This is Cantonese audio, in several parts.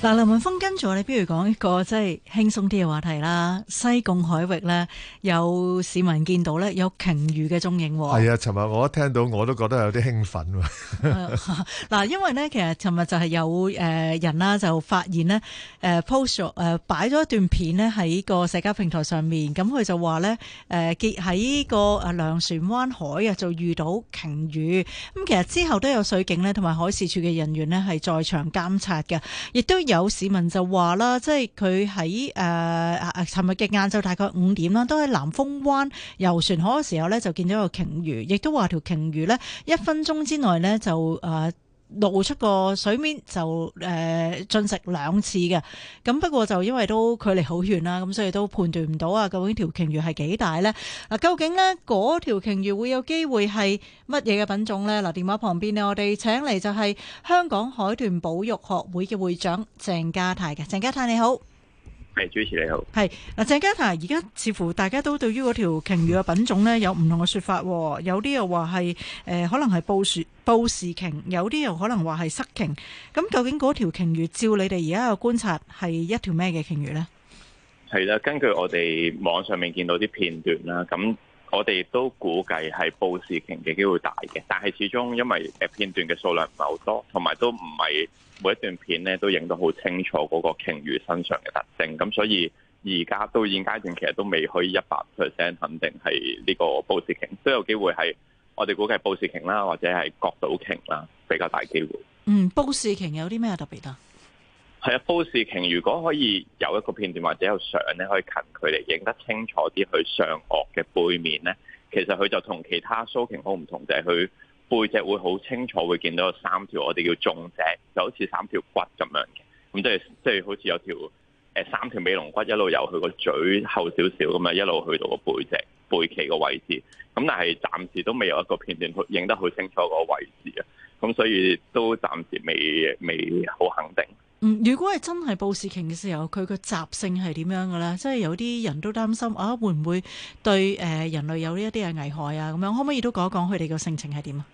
嗱，林文峰跟住我哋不如講一個即係輕鬆啲嘅話題啦。西貢海域咧，有市民見到咧有鯨魚嘅蹤影。哦。係啊，尋日我一聽到我都覺得有啲興奮。嗱、 啊，因為咧其實尋日就係有誒人啦，就發現咧誒、呃、post 誒擺咗一段片咧喺個社交平台上面，咁、嗯、佢就話咧誒結喺個誒糧船灣海啊，就遇到鯨魚。咁、嗯、其實之後都有水警咧同埋海事處嘅人員咧係在場監察嘅，亦都。有市民就話啦，即係佢喺誒，呃、尋日嘅晏晝大概五點啦，都喺南風灣遊船河嘅時候咧，就見到個鯨魚，亦都話條鯨魚咧，一分鐘之內咧就誒。呃露出個水面就誒進食兩次嘅，咁不過就因為都距離好遠啦，咁所以都判斷唔到啊究竟條鯨魚係幾大呢？嗱，究竟呢條鯨魚會有機會係乜嘢嘅品種呢？嗱，電話旁邊呢，我哋請嚟就係香港海豚保育學會嘅會長鄭家泰嘅，鄭家泰你好。係，主持你好。係嗱，鄭、啊、家泰，而家似乎大家都對於嗰條鯨魚嘅品種咧有唔同嘅説法，有啲、哦、又話係誒可能係布樹布氏鯨，有啲又可能話係塞鯨。咁究竟嗰條鯨魚，照你哋而家嘅觀察，係一條咩嘅鯨魚呢？係啦，根據我哋網上面見到啲片段啦，咁。我哋都估計係布氏鯨嘅機會大嘅，但係始終因為誒片段嘅數量唔係好多，同埋都唔係每一段片咧都影得好清楚嗰個鯨魚身上嘅特徵，咁所以而家到現階段其實都未去一百 percent 肯定係呢個布氏鯨，都有機會係我哋估計布氏鯨啦，或者係角島鯨啦比較大機會。嗯，布氏鯨有啲咩特別啊？係啊，布氏鯨如果可以有一個片段或者有相咧，可以近距離影得清楚啲，佢上顎嘅背面咧，其實佢就同其他鬚鯨好唔同，就係佢背脊會好清楚，會見到有三條我哋叫縱脊，就好似三條骨咁樣嘅。咁即係即係好似有條誒三條尾龍骨一路由佢個嘴後少少咁啊，一路去到個背脊背鰭個位置。咁但係暫時都未有一個片段影得好清楚個位置啊。咁所以都暫時未未好肯定。嗯，如果係真係布氏鯨嘅時候，佢個習性係點樣嘅咧？即係有啲人都擔心啊，會唔會對誒人類有呢一啲嘅危害啊？咁樣可唔可以都講一講佢哋個性情係點啊？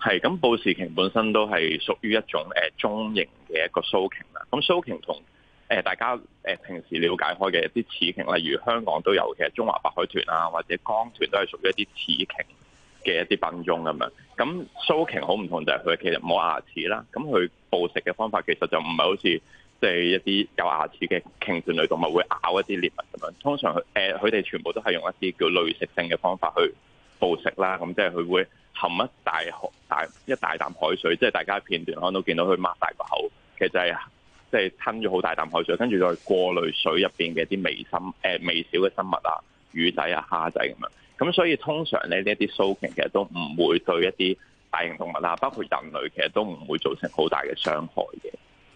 係咁，布氏鯨本身都係屬於一種誒中型嘅一個鬚鯨啦。咁鬚鯨同誒大家誒平時了解開嘅一啲齒鯨，例如香港都有嘅中華白海豚啊，或者江豚都係屬於一啲齒鯨。嘅一啲品種咁樣，咁鬚鯨好唔同就係、是、佢其實冇牙齒啦，咁佢捕食嘅方法其實就唔係好似即係一啲有牙齒嘅鯨豚類動物會咬一啲獵物咁樣，通常佢誒佢哋全部都係用一啲叫濾食性嘅方法去捕食啦，咁即係佢會含一大大，大一大啖海水，即係大家片段可能都見到佢擘大個口，其實係即係吞咗好大啖海水，跟住再過濾水入邊嘅一啲微生誒、呃、微小嘅生物啊、魚仔、啊蝦仔咁樣。咁所以通常咧呢一啲騷行其實都唔會對一啲大型動物啊，包括人類其實都唔會造成好大嘅傷害嘅。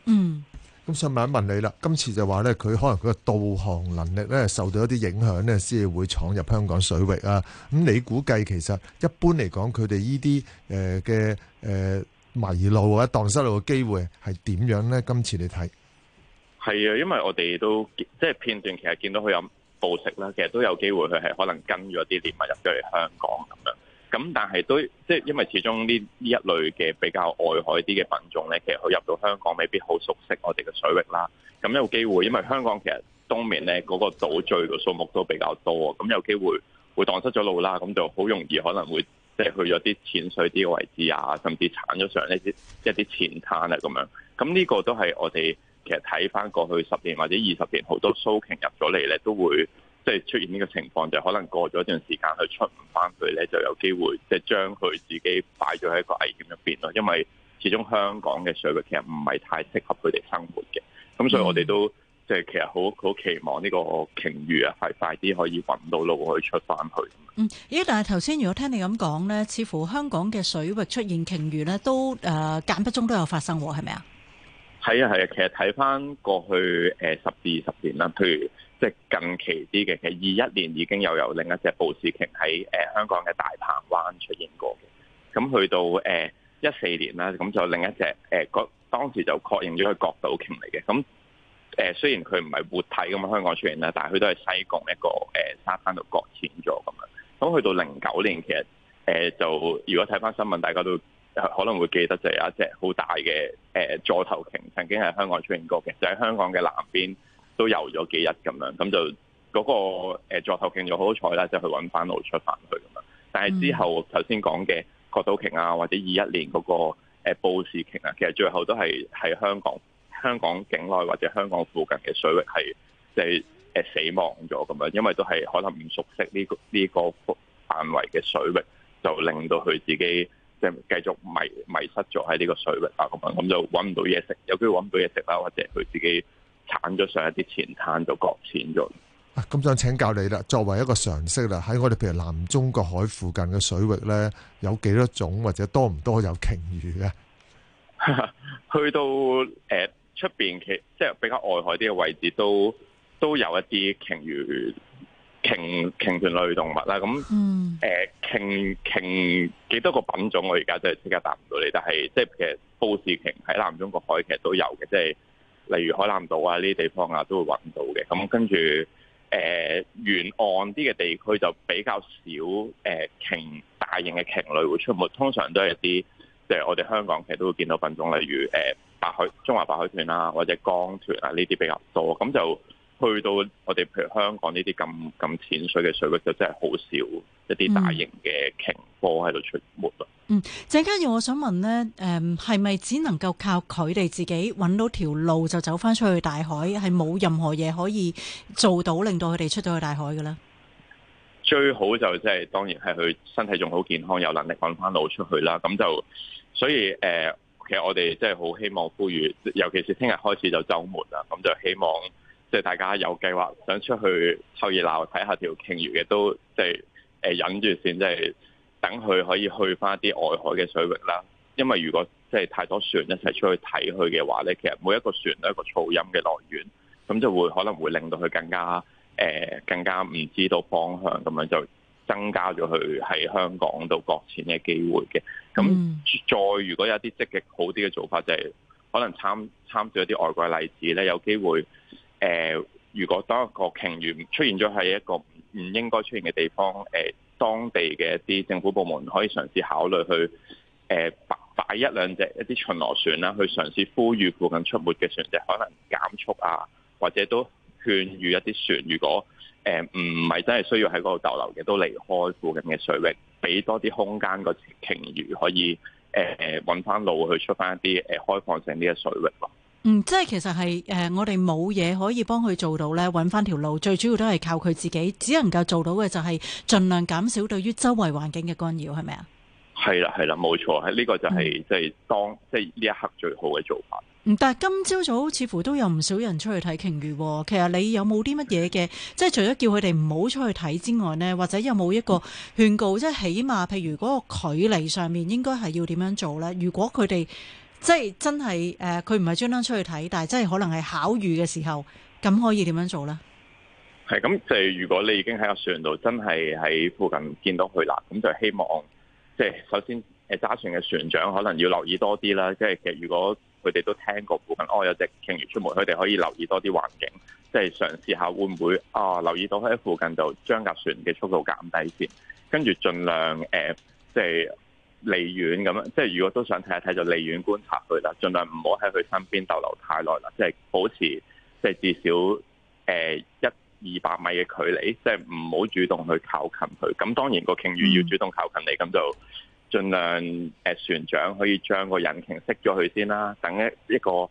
嗯，咁想問一問你啦，今次就話咧佢可能佢嘅導航能力咧受到一啲影響咧，先至會闖入香港水域啊。咁你估計其實一般嚟講，佢哋呢啲誒嘅誒迷路或者蕩失路嘅機會係點樣咧？今次你睇係啊，因為我哋都即係片段，其實見到佢有。捕食啦，其實都有機會佢係可能跟咗啲獵物入咗嚟香港咁樣，咁但係都即係因為始終呢呢一類嘅比較外海啲嘅品種咧，其實佢入到香港未必好熟悉我哋嘅水域啦。咁有機會，因為香港其實東面咧嗰個島嶼嘅數目都比較多，咁有機會會蕩失咗路啦，咁就好容易可能會即係去咗啲淺水啲嘅位置啊，甚至鏟咗上呢啲一啲淺灘啊咁樣。咁呢個都係我哋。其實睇翻過去十年或者二十年，好多鬚鯨入咗嚟咧，都會即係出現呢個情況，就可能過咗一段時間，佢出唔翻去咧，就有機會即係將佢自己擺咗喺一個危險入邊咯。因為始終香港嘅水域其實唔係太適合佢哋生活嘅，咁所以我哋都即係其實好好期望呢個鯨魚啊，快快啲可以揾到路去出翻去。嗯，咦？但係頭先如果聽你咁講咧，似乎香港嘅水域出現鯨魚咧，都誒間不中都有發生，係咪啊？係啊，係啊，其實睇翻過去誒十至二十年啦，譬如即係近期啲嘅，其實二一年已經又有，有另一隻布氏鯨喺誒香港嘅大鵬灣出現過嘅。咁去到誒一四年啦，咁就另一隻誒嗰，當時就確認咗係角島鯨嚟嘅。咁誒、呃、雖然佢唔係活體咁喺香港出現啦，但係佢都係西貢一個誒、呃、沙灘度擱淺咗咁樣。咁去到零九年，其實誒、呃、就如果睇翻新聞，大家都可能會記得就有一隻好大嘅誒座頭鯨，呃、曾經喺香港出現過嘅，就喺香港嘅南邊都遊咗幾日咁樣，咁就嗰、那個座頭鯨就好彩啦，就去搵返路出返去咁樣。但係之後頭先講嘅角島鯨啊，或者二一年嗰、那個誒、呃、布氏鯨啊，其實最後都係喺香港香港境內或者香港附近嘅水域係即係誒死亡咗咁樣，因為都係可能唔熟悉呢、這個呢、這個範圍嘅水域，就令到佢自己。即係繼續迷迷失咗喺呢個水域啊咁樣，咁就揾唔到嘢食，有機會揾唔到嘢食啦，或者佢自己鏟咗上一啲淺灘度擱淺咗。啊，咁想請教你啦，作為一個常識啦，喺我哋譬如南中國海附近嘅水域咧，有幾多種或者多唔多有鯨魚啊？ 去到誒出邊其即係比較外海啲嘅位置都，都都有一啲鯨魚。鯨鯨豚類動物啦，咁誒鯨鯨幾多個品種我而家真係即刻答唔到你，但係即係其實布氏鯨喺南中國海其實都有嘅，即係例如海南島啊呢啲地方啊都會揾到嘅。咁跟住誒沿岸啲嘅地區就比較少誒鯨、呃、大型嘅鯨類會出沒，通常都係一啲即係我哋香港其實都會見到品種，例如誒白海中華白海豚啊或者江豚啊呢啲比較多，咁就。去到我哋譬如香港呢啲咁咁淺水嘅水域，就真係好少一啲大型嘅鯨波喺度出沒。咯、嗯。嗯，鄭家泰，我想問咧，誒係咪只能夠靠佢哋自己揾到條路就走返出去大海，係冇任何嘢可以做到令到佢哋出到去大海嘅咧？最好就即、是、係當然係佢身體仲好健康，有能力揾返路出去啦。咁就所以誒、呃，其實我哋即係好希望呼籲，尤其是聽日開始就週末啦，咁就希望。即係大家有計劃想出去湊熱鬧睇下條鯨魚嘅，都即係誒忍住先，即係等佢可以去翻啲外海嘅水域啦。因為如果即係太多船一齊出去睇佢嘅話呢，其實每一個船都有一個噪音嘅來源，咁就會可能會令到佢更加誒更加唔知道方向，咁樣就增加咗佢喺香港度擱淺嘅機會嘅。咁、嗯、再如果有啲積極好啲嘅做法，就係可能參參照一啲外國嘅例子呢，有機會。誒、呃，如果當一個鯨魚出現咗喺一個唔應該出現嘅地方，誒、呃，當地嘅一啲政府部門可以嘗試考慮去誒擺、呃、一兩隻一啲巡邏船啦，去嘗試呼籲附近出沒嘅船隻可能減速啊，或者都勸喻一啲船，如果誒唔係真係需要喺嗰度逗留嘅，都離開附近嘅水域，俾多啲空間，個鯨魚可以誒揾翻路去出翻一啲誒開放性呢個水域。嗯，即係其實係誒、呃，我哋冇嘢可以幫佢做到呢，揾翻條路，最主要都係靠佢自己，只能夠做到嘅就係盡量減少對於周圍環境嘅干擾，係咪啊？係啦，係啦，冇錯，係呢、這個就係、嗯、即係當即呢一刻最好嘅做法。嗯、但係今朝早，早似乎都有唔少人出去睇鯨魚喎，其實你有冇啲乜嘢嘅，嗯、即係除咗叫佢哋唔好出去睇之外呢，或者有冇一個勸告，嗯、即係起碼譬如嗰個距離上面應該係要點樣做呢？如果佢哋即係真係誒，佢唔係專登出去睇，但係真係可能係巧遇嘅時候，咁可以點樣做呢？係咁，即係如果你已經喺個船度，真係喺附近見到佢啦，咁就希望即係首先誒，揸船嘅船長可能要留意多啲啦。即係其實如果佢哋都聽過附近哦有隻鯨魚出沒，佢哋可以留意多啲環境，即係嘗試下會唔會啊、哦、留意到喺附近，就將架船嘅速度減低先，跟住儘量誒、呃，即係。離遠咁樣，即係如果都想睇一睇，就離遠觀察佢啦，儘量唔好喺佢身邊逗留太耐啦。即係保持，即係至少誒一二百米嘅距離，即係唔好主動去靠近佢。咁當然個鯨魚要主動靠近你，咁、嗯、就儘量誒、呃、船長可以將個引擎熄咗佢先啦。等一一個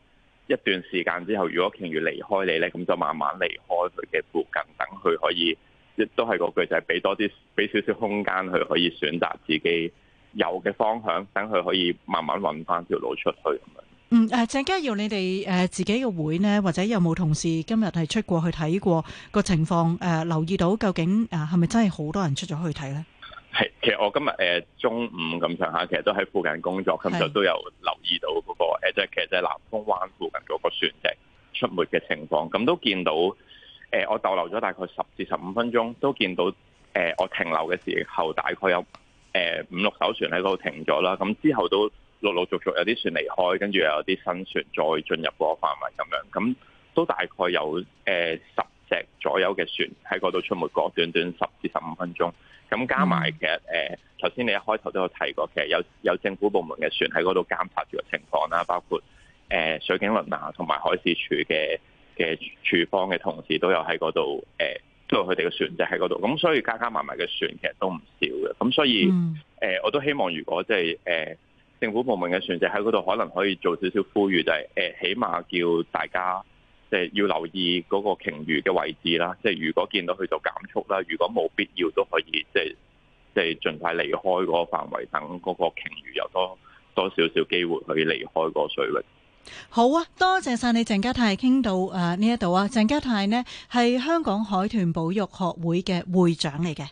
一段時間之後，如果鯨魚離開你呢，咁就慢慢離開佢嘅附近，等佢可以，亦都係嗰句就係、是、俾多啲，俾少少空間佢可以選擇自己有嘅方向，等佢可以慢慢揾翻條路出去咁樣。嗯，誒、啊，鄭家泰，你哋誒自己個會呢？或者有冇同事今日係出過去睇過個情況？誒、呃，留意到究竟誒係咪真係好多人出咗去睇呢？係，其實我今日誒、呃、中午咁上下，其實都喺附近工作，咁就都有留意到嗰、那個即係是、呃、其實喺南風灣附近嗰個船隻出沒嘅情況，咁都見到誒、呃，我逗留咗大概十至十五分鐘，都見到誒、呃，我停留嘅時候大概有。誒、呃、五六艘船喺度停咗啦，咁之後都陸陸,陸續續有啲船離開，跟住又有啲新船再進入嗰個範圍咁樣，咁都大概有誒十隻左右嘅船喺嗰度出沒過，短短十至十五分鐘，咁加埋其實誒，頭、呃、先你一開頭都有提過嘅，其實有有政府部門嘅船喺嗰度監察住個情況啦，包括誒、呃、水警輪啊，同埋海事處嘅嘅處方嘅同事都有喺嗰度誒。呃都佢哋嘅船隻喺嗰度，咁所以加加埋埋嘅船其實都唔少嘅，咁所以誒、嗯呃，我都希望如果即係誒政府部門嘅船隻喺嗰度，可能可以做少少呼籲、就係，就係誒，起碼叫大家即係要留意嗰個鯨魚嘅位置啦，即、就、係、係、如果見到佢就減速啦，如果冇必要都可以即係即係盡快離開嗰個範圍，等嗰個鯨魚有多多少少機會去離開個水域。好啊，多謝晒你鄭家泰，傾到誒呢一度啊。鄭家泰呢，係香港海豚保育學會嘅會長嚟嘅。